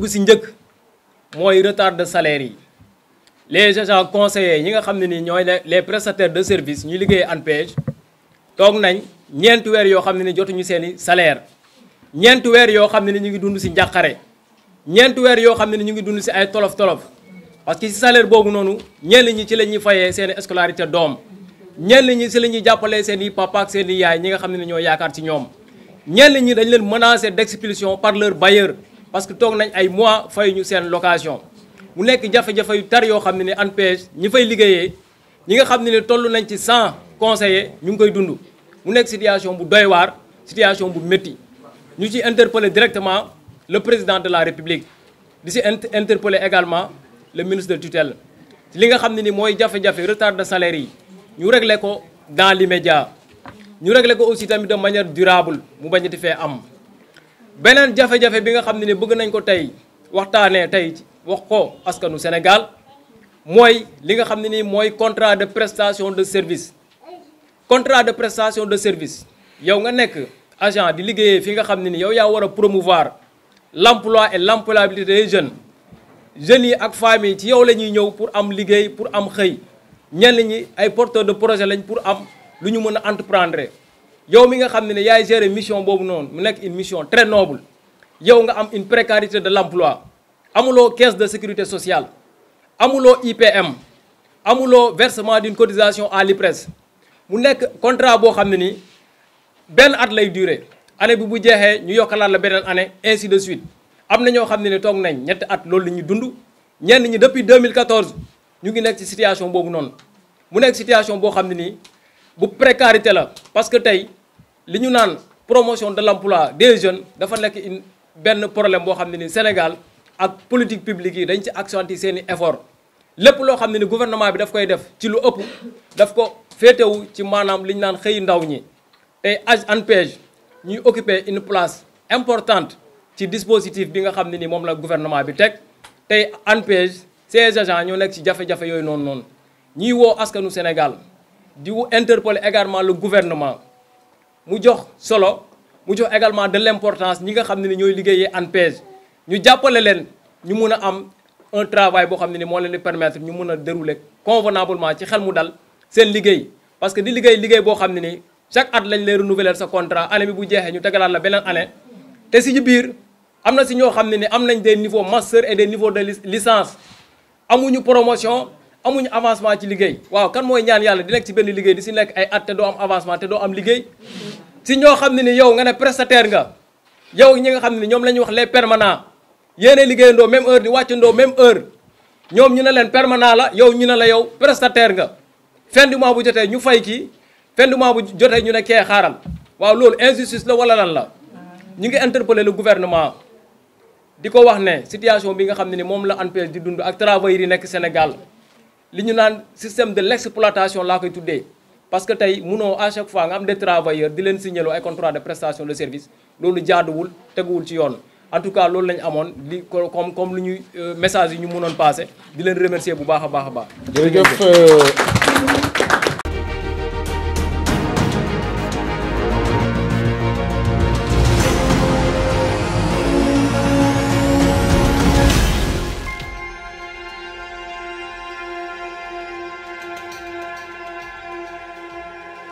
bu retard de salaire les agents conseillers les prestataires de services, ñu liggéey en nañ en ne ni salaire ngi dund ci jaxaré ñent wër yo xamni ngi dund ay tolof parce que si salaire nonu Ils ñi ci seen scolarité doom ñi ci seen papa ak ñi nga ci ñi dañ leen menacé d'expulsion par leur bailleur parce que nous avons ay mois location mu nekk des nous tar une conseillers situation de doy situation de métier. Nous avons interpellé directement le président de la république Nous avons également le ministre de tutelle li nga qui retard de salaire Nous ñu dans l'immédiat Nous régler aussi de manière durable mu faire fee am benen jafé jafé bi nga xamné ni bëgg nañ ko tay waxtané tay wax ko askanu Sénégal moy li nga xamné ni moy contrat de prestation de service contrat de prestation de service yow nga nek agent di liggéey fi nga xamné ni yow ya wara promouvoir l'emploi et l'employabilité des jeunes jeunes ak famille ci yow lañuy ñëw pour am liggéey pour am xey ñen ñi ay porteurs de projet lañ pour am luñu mëna entreprendre yow mi nga xamné ne ne yaay gérer mission bobu non mu nek une mission très noble yow nga am une précarité de l'emploi amulo caisse de sécurité sociale amulo IPM amulo versement d'une cotisation à l'IPRES mu nek contrat bo xamné ni ben at lay durer année bi bu jeexee ñu yokalat la benen année ainsi de suite amna na ñoo xam ne ne nañ ñetti at loolu la ñuy dund ñen ñi depuis 2014 ñu ngi nek ci situation bobu non mu nek situation bo xamné ni bu précarité la parce que tay li ñu naan promotion de l'emploi des jeunes dafa nek une benn problème bo xamni ni Sénégal ak politique publique yi dañ ci accentuer seeni effort lepp lo xamni ni gouvernement bi daf koy def ci lu ëpp daf ko wu ci manam li ñu naan ndaw ñi tey age ñuy occuper une place importante ci dispositif bi nga xamni ni mom la gouvernement bi teg tey ANPEJ ces agents ñu nek ci jafé jafé yoy non non ñi wo askanu Sénégal di interpeller également le gouvernement mu jox solo mu jox également de l'importance ñi nga xam ni ñoy liggéeyee ANPEJ ñu jàppale leen ñu mun a am un travail boo xam ne ni moo leen di permettre ñu mun a dérouler convenablement ci xel mu dal seen liggéey parce que di liggéey liggéey boo xam ne ni chaque at lañ lay renouveler sa contrat année bi bu jeexee ñu tegalaat la beneen année te si biir am na si ñoo xam ne ni am nañ des niveaux master et des niveaux de licence amuñu promotion amuñu avancement ci liggéey waaw kan mooy ñaan yàlla di nekk ci benn liggéey di si nekk ay at te doo am avancement te doo am liggéey si ñoo xam ne ni yow nga ne prestataire nga yow ñi nga xam ne ñoom la ñuy wax les permanents yéen liggéeyandoo même heure di wàccandoo même heure ñoom ñu ne leen permanent la yow ñu ne la yow prestataire nga fendument bu jotee ñu fay kii fin du mois bu jotee ñu ne kee xaaral waaw loolu injustice la wala lan la ñu ngi interpeller le gouvernement di ko wax ne situation bi nga xam ne ni moom la ANPEJ di dund ak travailleurs yi nekk Sénégal nous avons un système de l'exploitation exploitation koy parce que tey munoo à chaque fois nga am des travailleurs di leen signaloo ay contrat de prestation de service loolu jaaduwul teguwul ci en tout cas nous avons comme comme lu euh, message yi ñu avons passé di leen remercier bu baax euh,